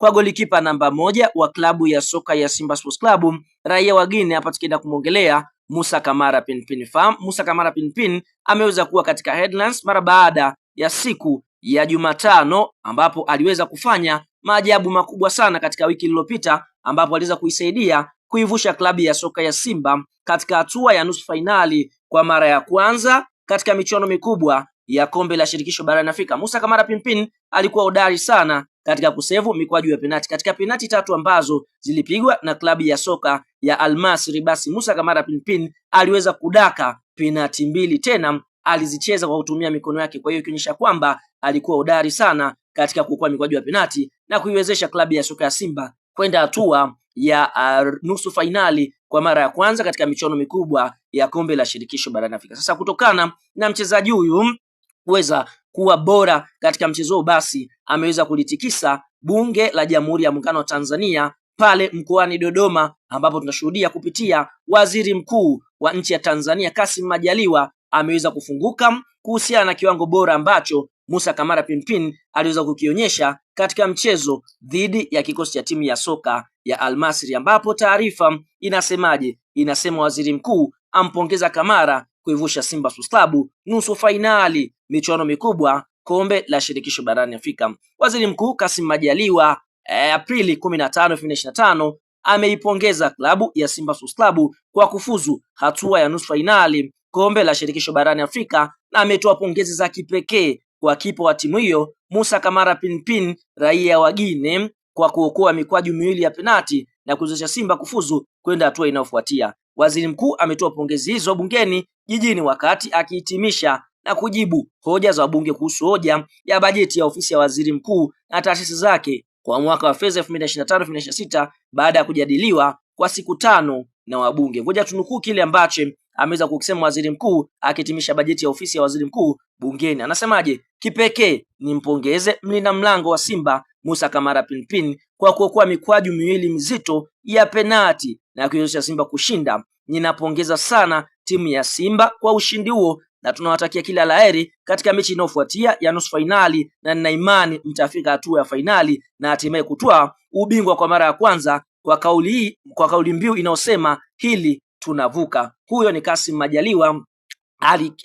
kwa golikipa namba moja wa klabu ya soka ya Simba Sports Club raia wa Guinea, hapa tukienda kumwongelea Musa Kamara Pinpin Farm. Musa Kamara Pinpin ameweza kuwa katika headlines mara baada ya siku ya Jumatano ambapo aliweza kufanya maajabu makubwa sana katika wiki iliyopita ambapo aliweza kuisaidia kuivusha klabu ya soka ya Simba katika hatua ya nusu fainali kwa mara ya kwanza katika michuano mikubwa ya kombe la shirikisho barani Afrika. Musa Kamara Pinpin alikuwa hodari sana katika kusevu mikwaju ya penati katika penati tatu ambazo zilipigwa na klabu ya soka ya Almasri, basi Musa Kamara Pinpin aliweza kudaka penati mbili, tena alizicheza kwa kutumia mikono yake. Kwa hiyo ikionyesha kwamba alikuwa hodari sana katika kuokoa mikwaju ya penati na kuiwezesha klabu ya soka ya Simba kwenda hatua ya uh, nusu fainali kwa mara ya kwanza katika michuano mikubwa ya kombe la shirikisho barani Afrika. Sasa kutokana na mchezaji huyu kuweza kuwa bora katika mchezo huo, basi ameweza kulitikisa bunge la Jamhuri ya Muungano wa Tanzania pale mkoani Dodoma, ambapo tunashuhudia kupitia waziri mkuu wa nchi ya Tanzania Kassim Majaliwa ameweza kufunguka kuhusiana na kiwango bora ambacho Musa Kamara Pimpin aliweza kukionyesha katika mchezo dhidi ya kikosi cha timu ya soka ya Almasri, ambapo taarifa inasemaje? Inasema waziri mkuu ampongeza Kamara kuivusha Simba Sports Club nusu fainali michuano mikubwa kombe la shirikisho barani Afrika. Waziri Mkuu Kassim Majaliwa eh, Aprili 15, 2025 ameipongeza klabu ya Simba Sports Club kwa kufuzu hatua ya nusu fainali kombe la shirikisho barani Afrika na ametoa pongezi za kipekee kwa kipa wa timu hiyo Musa Kamara Pinpin, raia wa Guinea, kwa kuokoa mikwaju miwili ya penati na kuwezesha Simba kufuzu kwenda hatua inayofuatia. Waziri Mkuu ametoa pongezi hizo bungeni jijini wakati akihitimisha na kujibu hoja za wabunge kuhusu hoja ya bajeti ya ofisi ya waziri mkuu na taasisi zake kwa mwaka wa fedha 2025/2026 baada ya kujadiliwa kwa siku tano na wabunge. Ngoja tunukuu kile ambacho ameweza kukisema waziri mkuu akitimisha bajeti ya ofisi ya waziri mkuu bungeni. Anasemaje? Kipekee nimpongeze mlinda mlango wa Simba Musa Kamara Pinpin kwa kuokoa mikwaju miwili mizito ya penati na kuiwezesha Simba kushinda. Ninapongeza sana timu ya Simba kwa ushindi huo na tunawatakia kila laheri katika mechi inayofuatia ya nusu fainali, na nina imani mtafika hatua ya fainali na hatimaye kutwaa ubingwa kwa mara ya kwanza kwa kauli hii, kwa kauli mbiu inayosema hili tunavuka. Huyo ni Kassim Majaliwa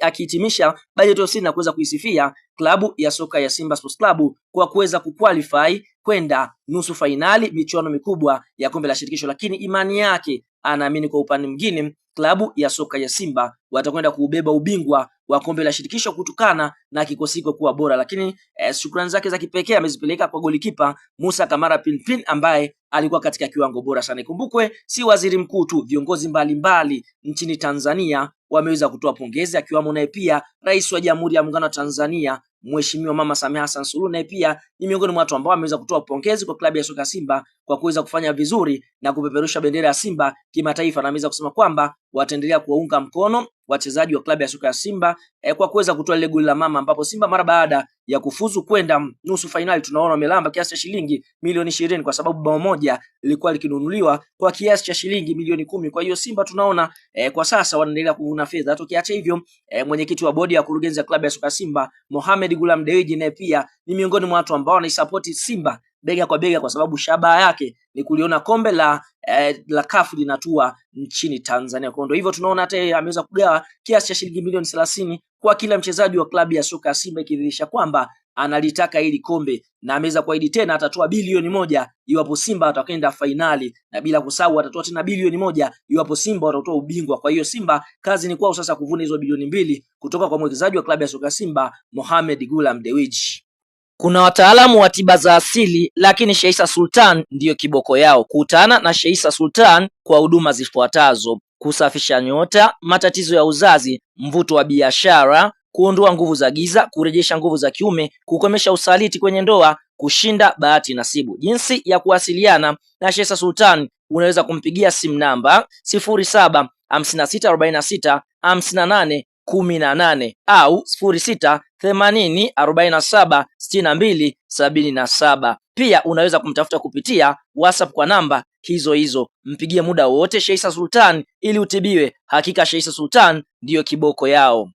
akihitimisha bajeti ya na kuweza kuisifia klabu ya soka ya Simba Sports Club kwa kuweza kuqualify kwenda nusu fainali michuano mikubwa ya kombe la shirikisho, lakini imani yake anaamini kwa upande mwingine klabu ya soka ya Simba watakwenda kuubeba ubingwa wa kombe la shirikisho kutokana na kikosi hiko kuwa bora. Lakini eh, shukrani zake za kipekee amezipeleka kwa golikipa Musa Kamara Pinpin ambaye alikuwa katika kiwango bora sana. Ikumbukwe si waziri mkuu tu, viongozi mbalimbali nchini Tanzania wameweza kutoa pongezi, akiwamo naye pia rais wa Jamhuri ya Muungano wa Tanzania Mheshimiwa Mama Samia Hassan Suluhu, naye pia ni miongoni mwa watu ambao ameweza kutoa pongezi kwa klabu ya soka Simba kwa kuweza kufanya vizuri na kupeperusha bendera ya Simba kimataifa, na ameweza kusema kwamba wataendelea kuwaunga mkono wachezaji wa klabu ya soka ya Simba eh, kwa kuweza kutoa lile goli la mama ambapo Simba mara baada ya kufuzu kwenda nusu fainali tunaona wamelamba kiasi cha shilingi milioni ishirini kwa sababu bao moja lilikuwa likinunuliwa kwa kiasi cha shilingi milioni kumi. Kwa hiyo Simba tunaona eh, kwa sasa wanaendelea kuvuna fedha. Hata ukiacha hivyo eh, mwenyekiti wa bodi ya kurugenzi ya klabu ya soka Simba Mohamed Gulam Dewji naye pia ni miongoni mwa watu ambao wanaisapoti Simba bega kwa bega, kwa sababu shabaha yake ni kuliona kombe la eh, la CAF linatua nchini Tanzania. Kwa ndio hivyo tunaona hata yeye ameweza kugawa kiasi cha shilingi milioni thelathini kwa kila mchezaji wa klabu ya soka ya Simba, ikidhihirisha kwamba analitaka hili kombe na ameweza kuahidi tena atatoa bilioni moja iwapo Simba atakwenda fainali, na bila kusahau atatoa tena bilioni moja iwapo Simba watatoa ubingwa. Kwa hiyo Simba kazi ni kwao sasa kuvuna hizo bilioni mbili kutoka kwa mwekezaji wa klabu ya soka Simba Mohamed Gulam Dewji. Kuna wataalamu wa tiba za asili lakini Sheisa Sultan ndiyo kiboko yao. Kutana na Sheisa Sultan kwa huduma zifuatazo: kusafisha nyota, matatizo ya uzazi, mvuto wa biashara, kuondoa nguvu za giza, kurejesha nguvu za kiume, kukomesha usaliti kwenye ndoa, kushinda bahati nasibu. Jinsi ya kuwasiliana na Sheisa Sultan, unaweza kumpigia simu namba sifuri saba hamsini na sita arobaini na sita hamsini na nane kumi na nane au sifuri sita themanini arobaini na saba sitini na mbili sabini na saba. Pia unaweza kumtafuta kupitia WhatsApp kwa namba hizo hizo. Mpigie muda wote Sheisa Sultan ili utibiwe. Hakika Sheisa Sultan ndiyo kiboko yao.